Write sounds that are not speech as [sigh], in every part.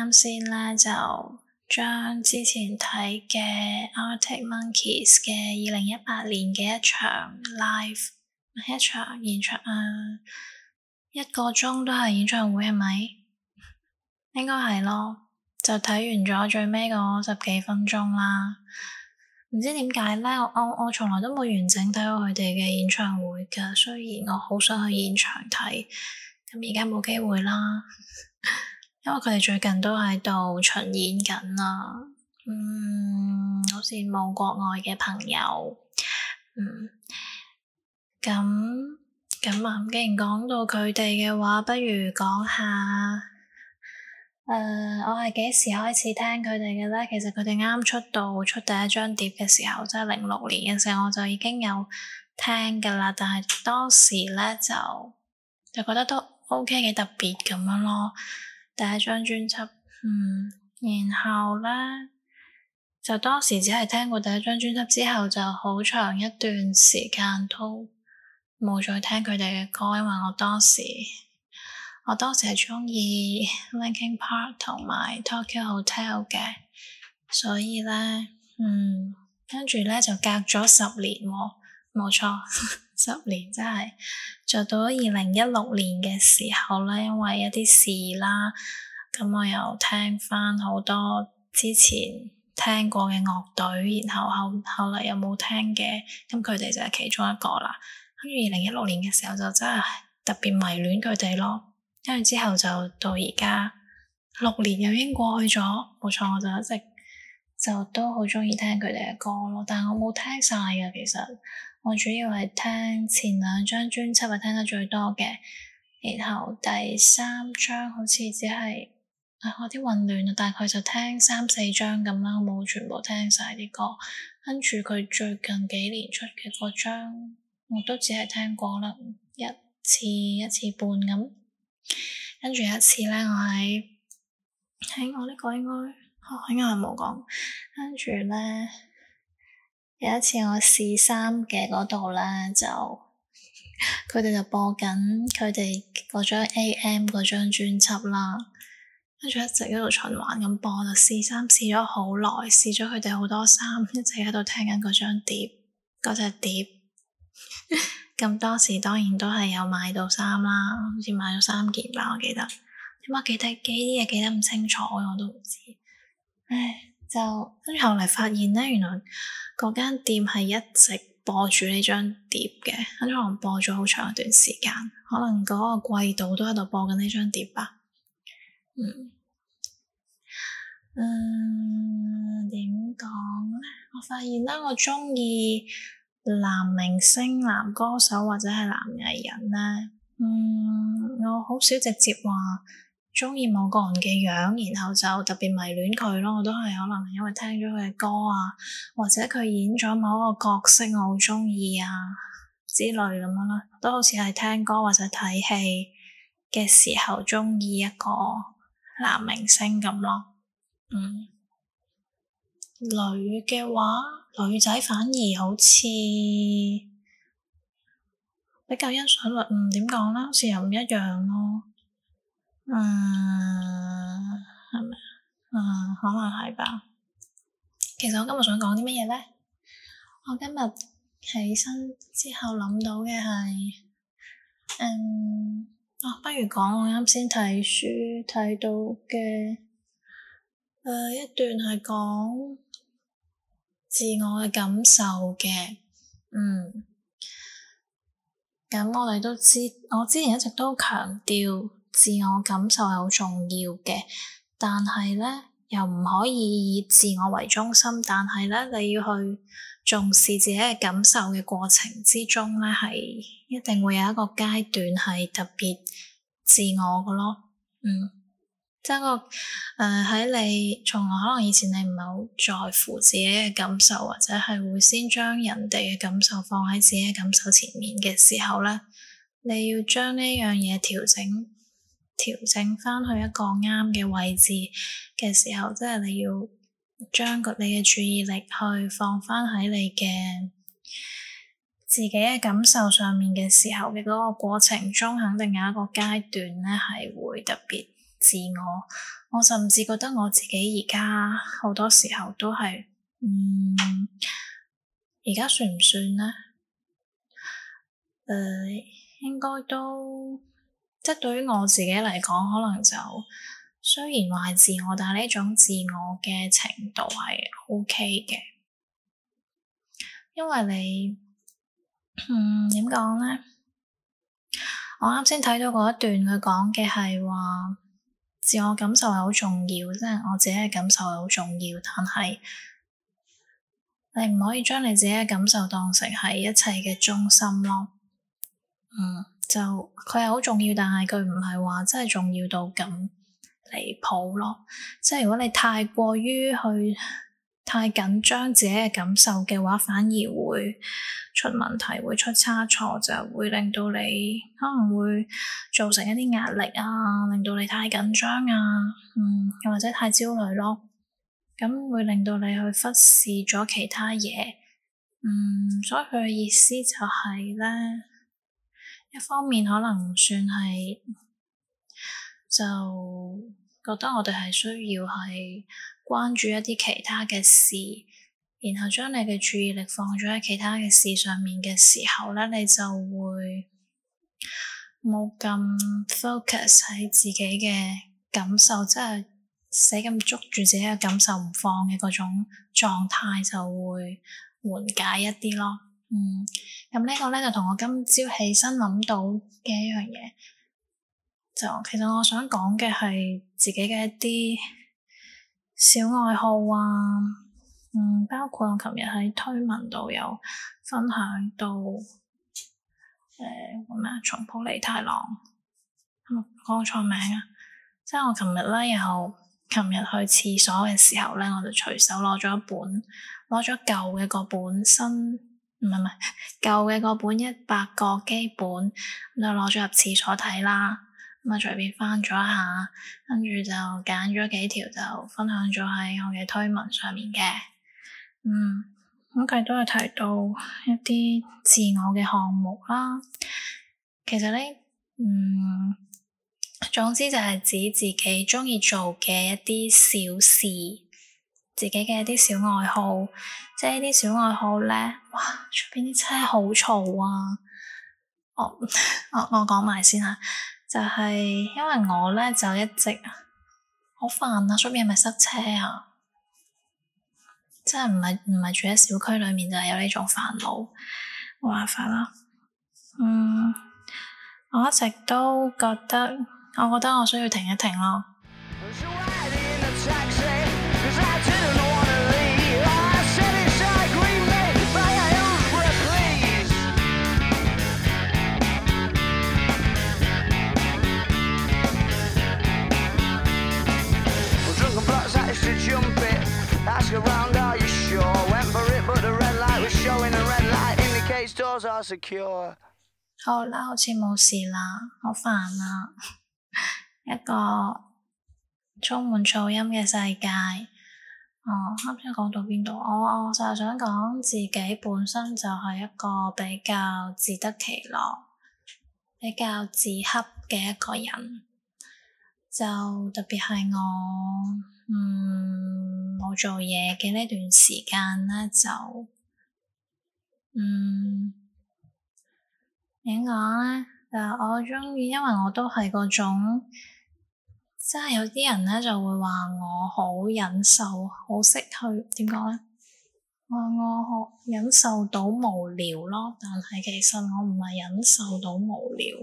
啱先咧，就將之前睇嘅 Arctic Monkeys 嘅二零一八年嘅一場 live，一場演唱啊，一個鐘都係演唱會係咪？應該係咯，就睇完咗最尾嗰十幾分鐘啦。唔知點解咧，我我我從來都冇完整睇過佢哋嘅演唱會噶，雖然我好想去現場睇，咁而家冇機會啦。 [laughs] 因為佢哋最近都喺度巡演緊啦，嗯，好羨慕國外嘅朋友，嗯，咁咁啊。既然講到佢哋嘅話，不如講下誒，我係幾時開始聽佢哋嘅咧？其實佢哋啱出道出第一張碟嘅時候，即係零六年嘅時候，我就已經有聽㗎啦。但係當時咧就就覺得都 ok 幾特別咁樣咯。第一張專輯，嗯，然後咧就當時只係聽過第一張專輯之後，就好長一段時間都冇再聽佢哋嘅歌，因為我當時我當時係中意 Linkin Park 同埋 Tokyo Hotel 嘅，所以咧，嗯，跟住咧就隔咗十年喎，冇錯。 [laughs] 十年真係，再到二零一六年嘅時候咧，因為一啲事啦，咁我又聽翻好多之前聽過嘅樂隊，然後後後來又冇聽嘅，咁佢哋就係其中一個啦。跟住二零一六年嘅時候就真係特別迷戀佢哋咯，跟住之後就到而家六年又已經過去咗，冇錯，我就一直就都好中意聽佢哋嘅歌咯，但係我冇聽晒㗎其實。我主要係聽前兩張專輯係聽得最多嘅，然後第三張好似只係啊、哎，我啲混亂啊，大概就聽三四張咁啦，我冇全部聽晒啲歌。跟住佢最近幾年出嘅嗰張，我都只係聽過啦，一次一次半咁。跟住有一次咧，我喺喺我呢個應該，啊、哦，應該係冇講。跟住咧。有一次我試衫嘅嗰度咧，就佢哋就播緊佢哋嗰張 A.M 嗰張專輯啦，跟住一直喺度循環咁播，就試衫試咗好耐，試咗佢哋好多衫，一直喺度聽緊嗰張碟，嗰隻碟。咁 [laughs] 當時當然都係有買到衫啦，好似買咗三件吧，我記得。點解記得幾啲嘢記得唔清楚我都唔知。唉。就跟住後嚟發現咧，原來嗰間店係一直播住呢張碟嘅，跟住可能播咗好長一段時間，可能嗰個季度都喺度播緊呢張碟吧。嗯，嗯，點講咧？我發現啦，我中意男明星、男歌手或者係男藝人咧。嗯，我好少直接話。鍾意某個人嘅樣，然後就特別迷戀佢咯。我都係可能因為聽咗佢嘅歌啊，或者佢演咗某一個角色我好鍾意啊之類咁樣咯。都好似係聽歌或者睇戲嘅時候鍾意一個男明星咁咯。嗯，女嘅話，女仔反而好似比較欣賞率，唔點講啦？好似又唔一樣咯。嗯，係咪啊？嗯，可能係吧。其實我今日想講啲乜嘢咧？我今日起身之後諗到嘅係，嗯，啊，不如講我啱先睇書睇到嘅，誒、呃，一段係講自我嘅感受嘅。嗯，咁我哋都知，我之前一直都強調。自我感受係好重要嘅，但係咧又唔可以以自我為中心。但係咧，你要去重視自己嘅感受嘅過程之中咧，係一定會有一個階段係特別自我嘅咯。嗯，即係個誒喺你從來可能以前你唔係好在乎自己嘅感受，或者係會先將人哋嘅感受放喺自己嘅感受前面嘅時候咧，你要將呢樣嘢調整，調整翻去一個啱嘅位置嘅時候，即係你要將你嘅注意力去放翻喺你嘅自己嘅感受上面嘅時候嘅嗰個過程中，肯定有一個階段咧，係會特別自我。我甚至覺得我自己而家好多時候都係，嗯，而家算唔算呢？誒、呃，應該都。即係對於我自己嚟講，可能就雖然話係自我，但係呢一種自我嘅程度係 OK 嘅，因為你，嗯，點講咧？我啱先睇到嗰一段，佢講嘅係話自我感受係好重要，即係我自己嘅感受係好重要，但係你唔可以將你自己嘅感受當成係一切嘅中心咯，嗯。就佢係好重要，但係佢唔係話真係重要到咁離譜咯。即係如果你太過於去太緊張自己嘅感受嘅話，反而會出問題，會出差錯，就會令到你可能會造成一啲壓力啊，令到你太緊張啊，嗯，又或者太焦慮咯。咁，嗯，會令到你去忽視咗其他嘢。嗯，所以佢嘅意思就係咧。一方面可能算係，就覺得我哋係需要係關注一啲其他嘅事，然後將你嘅注意力放咗喺其他嘅事上面嘅時候咧，你就會冇咁 focus 喺自己嘅感受，即係死咁捉住自己嘅感受唔放嘅嗰種狀態，就會緩解一啲咯。嗯，咁呢個咧就同我今朝起身諗到嘅一樣嘢，就其實我想講嘅係自己嘅一啲小愛好啊，嗯，包括我琴日喺推文度有分享到誒，我咩、呃、啊，松浦彌太郎，係咪講錯名啊？即係我琴日咧，又琴日去廁所嘅時候咧，我就隨手攞咗一本，攞咗舊嘅個本身。唔係唔係，舊嘅嗰本一百個基本，咁就攞咗入廁所睇啦，咁啊隨便翻咗一下，跟住就揀咗幾條就分享咗喺我嘅推文上面嘅，嗯，估計都係提到一啲自我嘅項目啦，其實咧，嗯，總之就係指自己鍾意做嘅一啲小事。自己嘅一啲小愛好，即係呢啲小愛好咧，哇！出邊啲車好嘈啊！Oh, 我我我講埋先吓，就係因為我咧就一直好煩啊！出邊係咪塞車啊？即係唔係唔係住喺小區裏面就係有呢種煩惱，冇辦法啦。嗯，我一直都覺得，我覺得我需要停一停咯。好啦，好似冇事啦，好煩啊！ [laughs] 一個充滿噪音嘅世界。哦，啱先講到邊度？我我就係想講自己本身就係一個比較自得其樂、比較自洽嘅一個人，就特別係我。嗯，冇做嘢嘅呢段時間咧，就，嗯，點講咧？就我中意，因為我都係嗰種，即係有啲人咧就會話我好忍受，好識去點講咧？話我好忍受到無聊咯，但係其實我唔係忍受到無聊，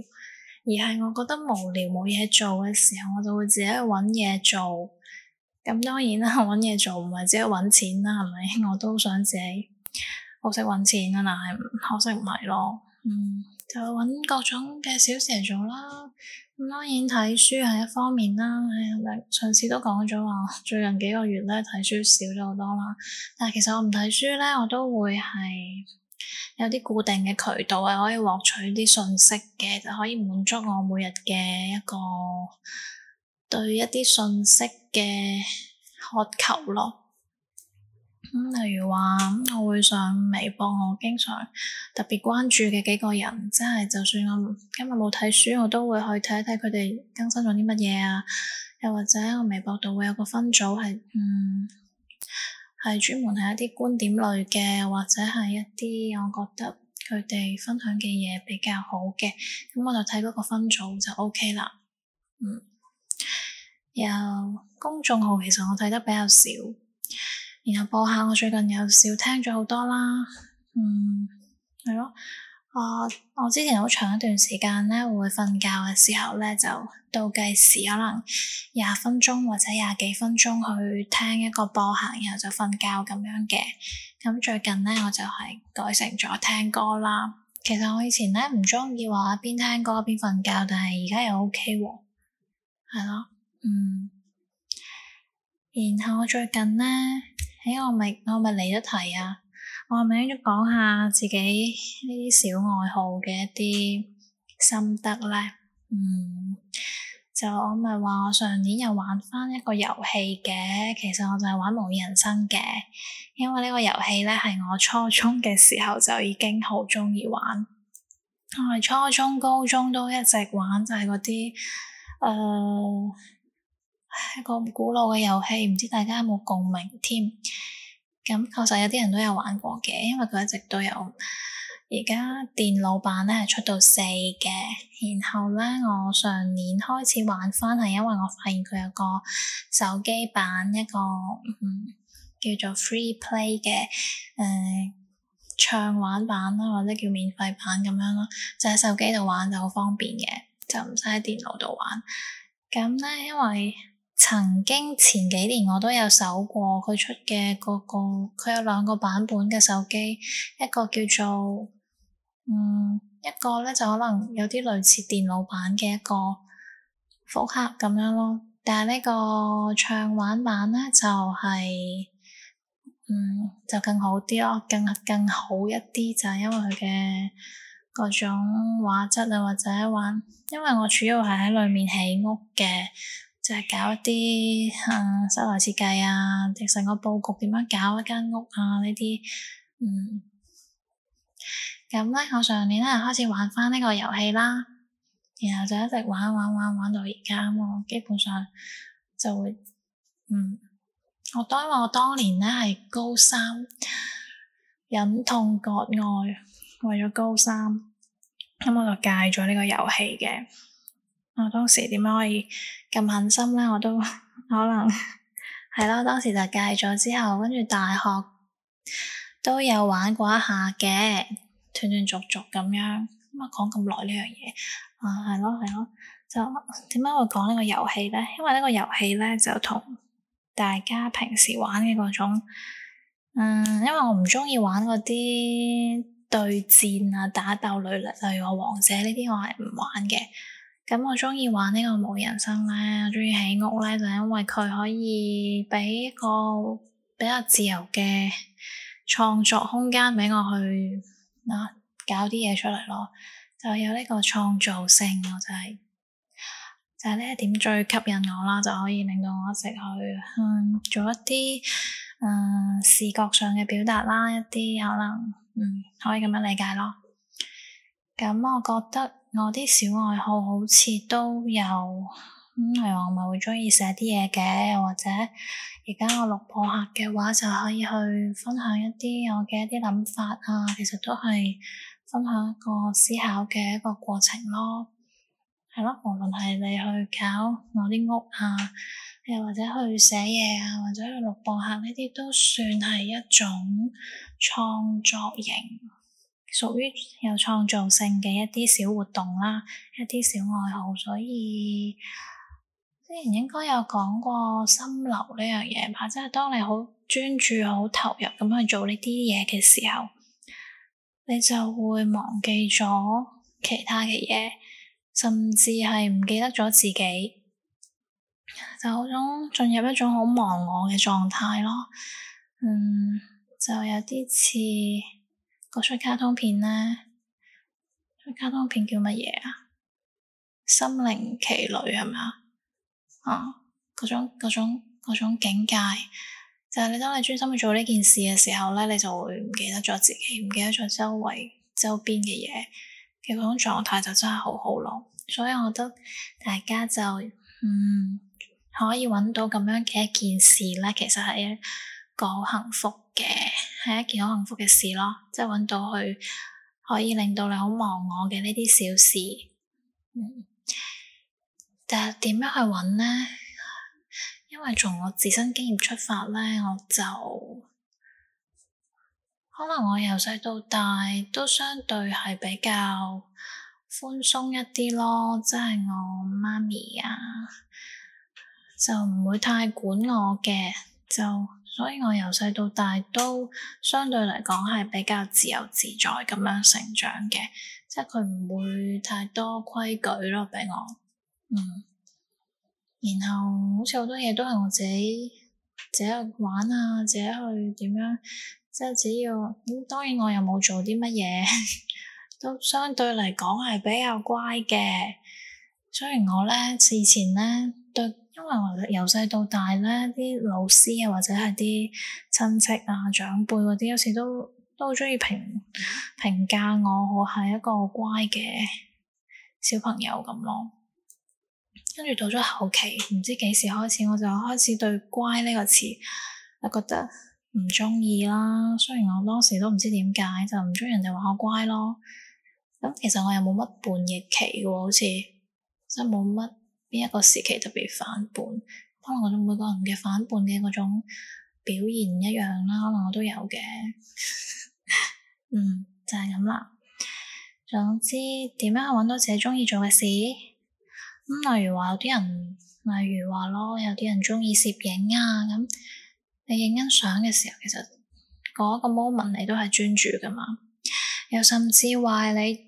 而係我覺得無聊冇嘢做嘅時候，我就會自己去揾嘢做。咁當然啦，揾嘢做唔係只係揾錢啦，係咪？我都想自己好識揾錢啊，但係可惜唔係咯。嗯，就揾各種嘅小事嚟做啦。咁當然睇書係一方面啦。誒、哎，上次都講咗話，最近幾個月咧睇書少咗好多啦。但係其實我唔睇書咧，我都會係有啲固定嘅渠道係可以獲取啲信息嘅，就可以滿足我每日嘅一個。對一啲信息嘅渴求咯，咁例如話，我會上微博，我經常特別關注嘅幾個人，即係就算我今日冇睇書，我都會去睇一睇佢哋更新咗啲乜嘢啊。又或者我微博度會有個分組係，嗯，係專門係一啲觀點類嘅，或者係一啲我覺得佢哋分享嘅嘢比較好嘅，咁我就睇嗰個分組就 OK 啦，嗯。有公眾號，其實我睇得比較少。然後播客，我最近又少聽咗好多啦。嗯，係咯。我我之前好長一段時間咧，會瞓覺嘅時候咧就倒計時，可能廿分鐘或者廿幾分鐘去聽一個播客，然後就瞓覺咁樣嘅。咁最近咧，我就係改成咗聽歌啦。其實我以前咧唔中意話一邊聽歌一邊瞓覺，但係而家又 OK 喎，啊，係咯。嗯，然後我最近咧，喺我咪我咪嚟咗題啊，我咪想講下自己呢啲小愛好嘅一啲心得咧。嗯，就我咪話我上年又玩翻一個遊戲嘅，其實我就係玩模擬人生嘅，因為呢個遊戲咧係我初中嘅時候就已經好鍾意玩，我、啊、係初中、高中都一直玩，就係嗰啲誒。呃一個古老嘅遊戲，唔知大家有冇共鳴添？咁確實有啲人都有玩過嘅，因為佢一直都有。而家電腦版咧係出到四嘅，然後咧我上年開始玩翻，係因為我發現佢有個手機版一個、嗯、叫做 Free Play 嘅誒暢玩版啦，或者叫免費版咁樣咯，就喺、是、手機度玩就好方便嘅，就唔使喺電腦度玩。咁咧因為。曾經前幾年我都有搜過佢出嘅個、那個，佢有兩個版本嘅手機，一個叫做嗯，一個咧就可能有啲類似電腦版嘅一個複刻咁樣咯。但係呢個暢玩版咧就係、是、嗯就更好啲咯，更更好一啲就係因為佢嘅各種畫質啊，或者玩，因為我主要係喺裡面起屋嘅。就係搞一啲誒室內設計啊，其實、啊、個佈局點樣搞一間屋啊？嗯、呢啲嗯咁咧，我上年咧開始玩翻呢個遊戲啦，然後就一直玩玩玩玩到而家我基本上就會嗯我當我當年咧係高三忍痛割愛，為咗高三咁、嗯、我就戒咗呢個遊戲嘅。我當時點解可以咁狠心咧，我都可能係咯。 [laughs] 當時就戒咗之後，跟住大學都有玩過一下嘅，斷斷續續咁樣。咁啊，講咁耐呢樣嘢，啊係咯係咯，就點解會講呢個遊戲咧？因為個遊戲呢個遊戲咧就同大家平時玩嘅嗰種，嗯，因為我唔中意玩嗰啲對戰啊、打鬥類類，我王者呢啲我係唔玩嘅。咁我中意玩呢個模擬人生咧，我中意喺屋咧，就因為佢可以畀一個比較自由嘅創作空間畀我去嗱、啊、搞啲嘢出嚟咯，就有呢個創造性，我就係、是、就係呢一點最吸引我啦，就可以令到我一直去、嗯、做一啲誒、呃、視覺上嘅表達啦，一啲可能嗯可以咁樣理解咯。咁我覺得。我啲小愛好好似都有咁，例、嗯、係我咪會鍾意寫啲嘢嘅，又或者而家我錄播客嘅話，就可以去分享一啲我嘅一啲諗法啊。其實都係分享一個思考嘅一個過程咯，係咯。無論係你去搞我啲屋啊，又或者去寫嘢啊，或者去錄、啊、播客呢啲，都算係一種創作型。屬於有創造性嘅一啲小活動啦，一啲小愛好，所以之前應該有講過心流呢樣嘢嘛，即係當你好專注、好投入咁去做呢啲嘢嘅時候，你就會忘記咗其他嘅嘢，甚至係唔記得咗自己，就好種進入一種好忘我嘅狀態咯。嗯，就有啲似～嗰出卡通片呢？出卡通片叫乜嘢啊？心靈奇旅係咪啊？啊，嗰種嗰種嗰種境界，就係你當你專心去做呢件事嘅時候咧，你就會唔記得咗自己，唔記得咗周圍周邊嘅嘢，嘅嗰種狀態就真係好好咯。所以我覺得大家就嗯，可以揾到咁樣嘅一件事咧，其實係一個好幸福嘅。係一件好幸福嘅事咯，即係揾到去可以令到你好忘我嘅呢啲小事。嗯，但係點樣去揾呢？因為從我自身經驗出發咧，我就可能我由細到大都相對係比較寬鬆一啲咯，即係我媽咪啊，就唔會太管我嘅，就。所以我由細到大都相對嚟講係比較自由自在咁樣成長嘅，即係佢唔會太多規矩咯，畀我，嗯。然後好似好多嘢都係我自己自己玩啊，自己去點樣，即係只要咁，嗯，當然我又冇做啲乜嘢， [laughs] 都相對嚟講係比較乖嘅。雖然我咧事前咧都。對因為由細到大咧，啲老師啊，或者係啲親戚啊、長輩嗰啲，有時都都好中意評評價我，我係一個乖嘅小朋友咁咯。跟住到咗後期，唔知幾時開始，我就開始對乖呢個詞，我覺得唔中意啦。雖然我當時都唔知點解，就唔中意人哋話我乖咯。咁其實我又冇乜叛逆期嘅喎，好似真冇乜。呢一個時期特別反叛，可能我哋每個人嘅反叛嘅嗰種表現一樣啦，可能我都有嘅， [laughs] 嗯，就係咁啦。總之，點樣去揾到自己鍾意做嘅事？咁、嗯、例如話有啲人，例如話咯，有啲人鍾意攝影啊，咁你影緊相嘅時候，其實嗰一個 moment 你都係專注噶嘛，又甚至話你。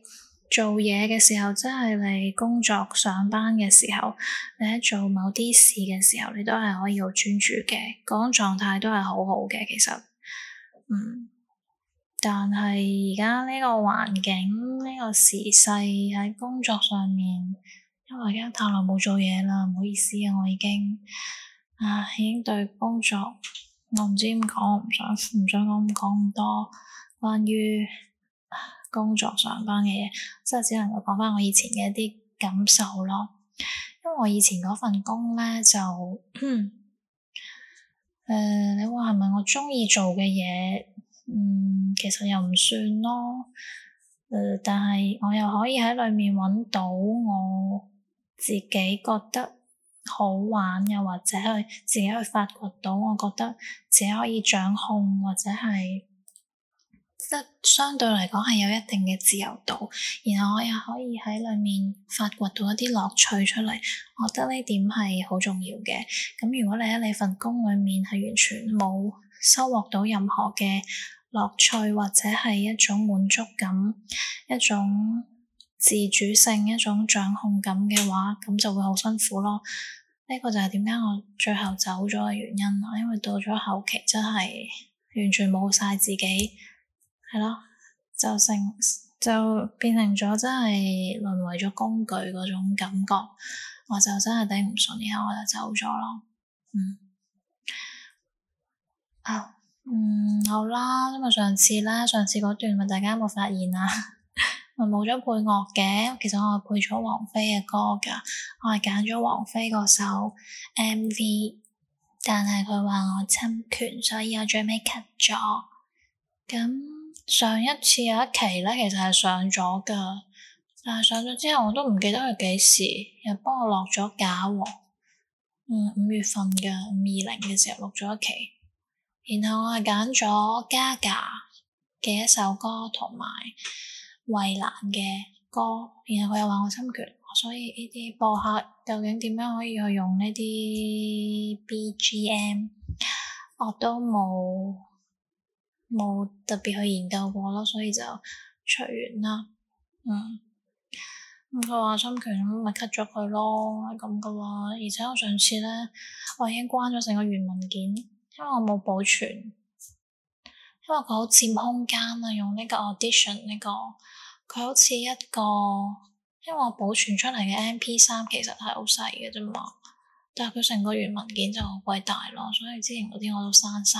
做嘢嘅時候，即係你工作上班嘅時候，你喺做某啲事嘅時候，你都係可以專、那個、好專注嘅，嗰種狀態都係好好嘅，其實，嗯，但係而家呢個環境呢、呢個時勢喺工作上面，因為而家太耐冇做嘢啦，唔好意思啊，我已經啊已經對工作，我唔知點講，我唔想唔想講咁多關於。工作上班嘅嘢，即係只能夠講翻我以前嘅一啲感受咯。因為我以前嗰份工咧就誒、 [coughs] 呃，你話係咪我中意做嘅嘢？嗯，其實又唔算咯。誒、呃，但係我又可以喺裡面揾到我自己覺得好玩，又或者去自己去發掘到，我覺得自己可以掌控，或者係。即相對嚟講係有一定嘅自由度，然後我又可以喺裏面發掘到一啲樂趣出嚟，我覺得呢點係好重要嘅。咁如果你喺你份工裏面係完全冇收穫到任何嘅樂趣，或者係一種滿足感、一種自主性、一種掌控感嘅話，咁就會好辛苦咯。呢個就係點解我最後走咗嘅原因咯，因為到咗後期真係完全冇晒自己。係咯，就成就變成咗真係淪為咗工具嗰種感覺，我就真係頂唔順，然後我就走咗咯。嗯，啊，嗯好啦，因、嗯、為上次啦，上次嗰段咪大家有冇發現啊，咪冇咗配樂嘅。其實我係配咗王菲嘅歌噶，我係揀咗王菲嗰首 MV，但係佢話我侵權，所以我最尾 cut 咗咁。上一次有一期咧，其實係上咗㗎，但係上咗之後我都唔記得係幾時，又幫我落咗架喎。嗯，五月份嘅五二零嘅時候錄咗一期，然後我係揀咗 Gaga 嘅一首歌同埋衞蘭嘅歌，然後佢又話我侵權，所以呢啲播客究竟點樣可以去用呢啲 BGM，我都冇冇特別去研究過咯，所以就出完啦。嗯，咁佢話侵權咁，咪 cut 咗佢咯，係咁噶啦。而且我上次咧，我已經關咗成個原文件，因為我冇保存，因為佢好佔空間啊。用呢個 Audition 呢個，佢好似一個，因為我保存出嚟嘅 MP 三其實係好細嘅啫嘛，但係佢成個原文件就好鬼大咯，所以之前嗰啲我都刪晒。